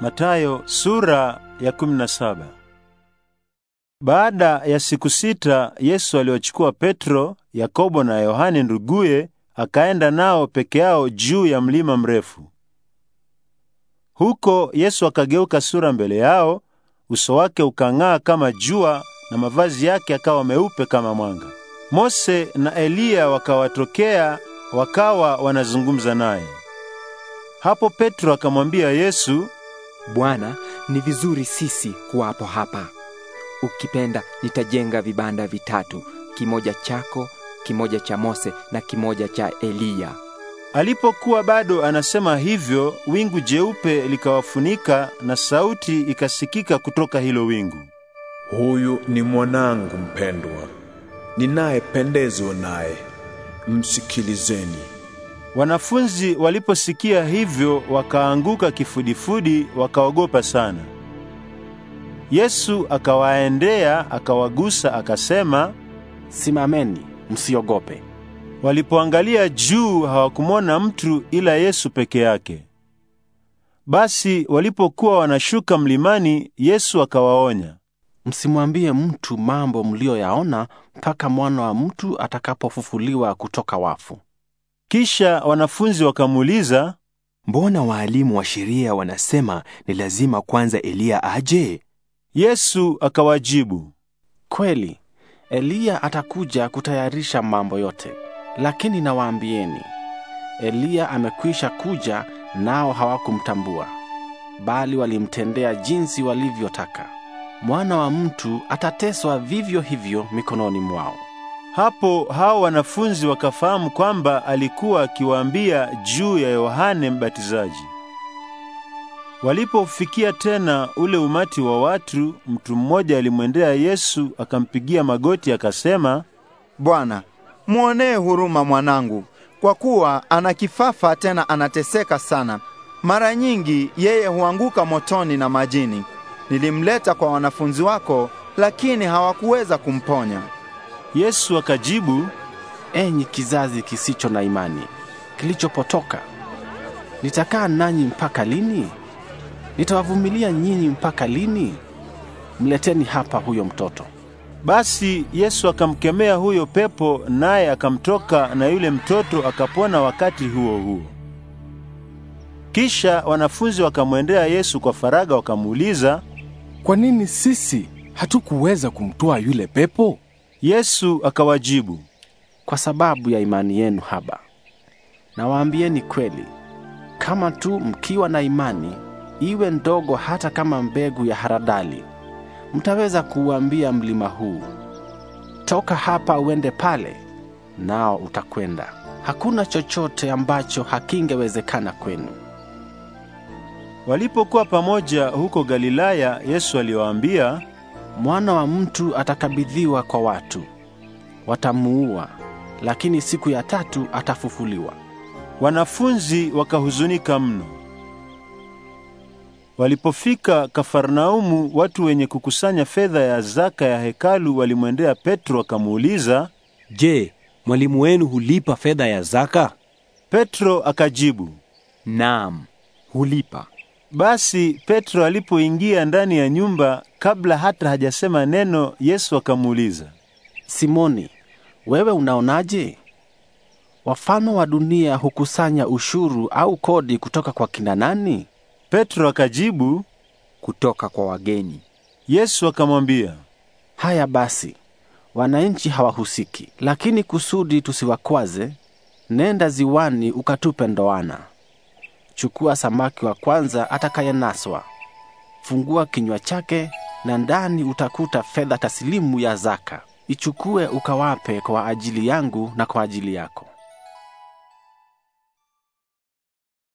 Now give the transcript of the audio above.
Matayo sura ya saba. Baada ya siku sita Yesu aliwachukua Petro, Yakobo na Yohane nduguye, akaenda nao peke yao juu ya mlima mrefu. Huko Yesu akageuka sura mbele yao, uso wake ukang'aa kama jua na mavazi yake akawa meupe kama mwanga. Mose na Eliya wakawatokea wakawa wanazungumza naye. Hapo Petro akamwambia Yesu, Bwana, ni vizuri sisi kuwapo hapa. Ukipenda nitajenga vibanda vitatu, kimoja chako, kimoja cha Mose na kimoja cha Eliya. Alipokuwa bado anasema hivyo, wingu jeupe likawafunika na sauti ikasikika kutoka hilo wingu. Huyu ni mwanangu mpendwa, ninayependezwa naye. Msikilizeni. Wanafunzi waliposikia hivyo wakaanguka kifudifudi, wakaogopa sana. Yesu akawaendea, akawagusa, akasema, "Simameni, msiogope." Walipoangalia juu hawakumwona mtu ila Yesu peke yake. Basi walipokuwa wanashuka mlimani, Yesu akawaonya, msimwambie mtu mambo mlioyaona mpaka mwana wa mtu atakapofufuliwa kutoka wafu. Kisha wanafunzi wakamuuliza, mbona waalimu wa sheria wanasema ni lazima kwanza Eliya aje? Yesu akawajibu, kweli Eliya atakuja kutayarisha mambo yote, lakini nawaambieni, Eliya amekwisha kuja, nao hawakumtambua, bali walimtendea jinsi walivyotaka. Mwana wa mtu atateswa vivyo hivyo mikononi mwao. Hapo hao wanafunzi wakafahamu kwamba alikuwa akiwaambia juu ya Yohane Mbatizaji. Walipofikia tena ule umati wa watu, mtu mmoja alimwendea Yesu akampigia magoti akasema, Bwana, mwonee huruma mwanangu, kwa kuwa ana kifafa tena anateseka sana. Mara nyingi yeye huanguka motoni na majini. Nilimleta kwa wanafunzi wako, lakini hawakuweza kumponya. Yesu akajibu, enyi kizazi kisicho na imani kilichopotoka, nitakaa nanyi mpaka lini? Nitawavumilia nyinyi mpaka lini? Mleteni hapa huyo mtoto. Basi Yesu akamkemea huyo pepo, naye akamtoka, na yule mtoto akapona wakati huo huo. Kisha wanafunzi wakamwendea Yesu kwa faraga wakamuuliza, kwa nini sisi hatukuweza kumtoa yule pepo? Yesu akawajibu, kwa sababu ya imani yenu haba. Nawaambieni kweli, kama tu mkiwa na imani iwe ndogo hata kama mbegu ya haradali, mtaweza kuuambia mlima huu, toka hapa uende pale, nao utakwenda. Hakuna chochote ambacho hakingewezekana kwenu. Walipokuwa pamoja huko Galilaya, Yesu aliwaambia Mwana wa mtu atakabidhiwa kwa watu, watamuua, lakini siku ya tatu atafufuliwa. Wanafunzi wakahuzunika mno. Walipofika Kafarnaumu, watu wenye kukusanya fedha ya zaka ya hekalu walimwendea Petro akamuuliza, "Je, mwalimu wenu hulipa fedha ya zaka?" Petro akajibu, "Naam, hulipa." Basi Petro alipoingia ndani ya nyumba, kabla hata hajasema neno, Yesu akamuuliza, Simoni, wewe unaonaje? Wafalme wa dunia hukusanya ushuru au kodi kutoka kwa kina nani? Petro akajibu, kutoka kwa wageni. Yesu akamwambia, haya basi, wananchi hawahusiki, lakini kusudi tusiwakwaze, nenda ziwani ukatupe ndoana chukua samaki wa kwanza atakayenaswa, fungua kinywa chake, na ndani utakuta fedha taslimu ya zaka. Ichukue ukawape kwa ajili yangu na kwa ajili yako.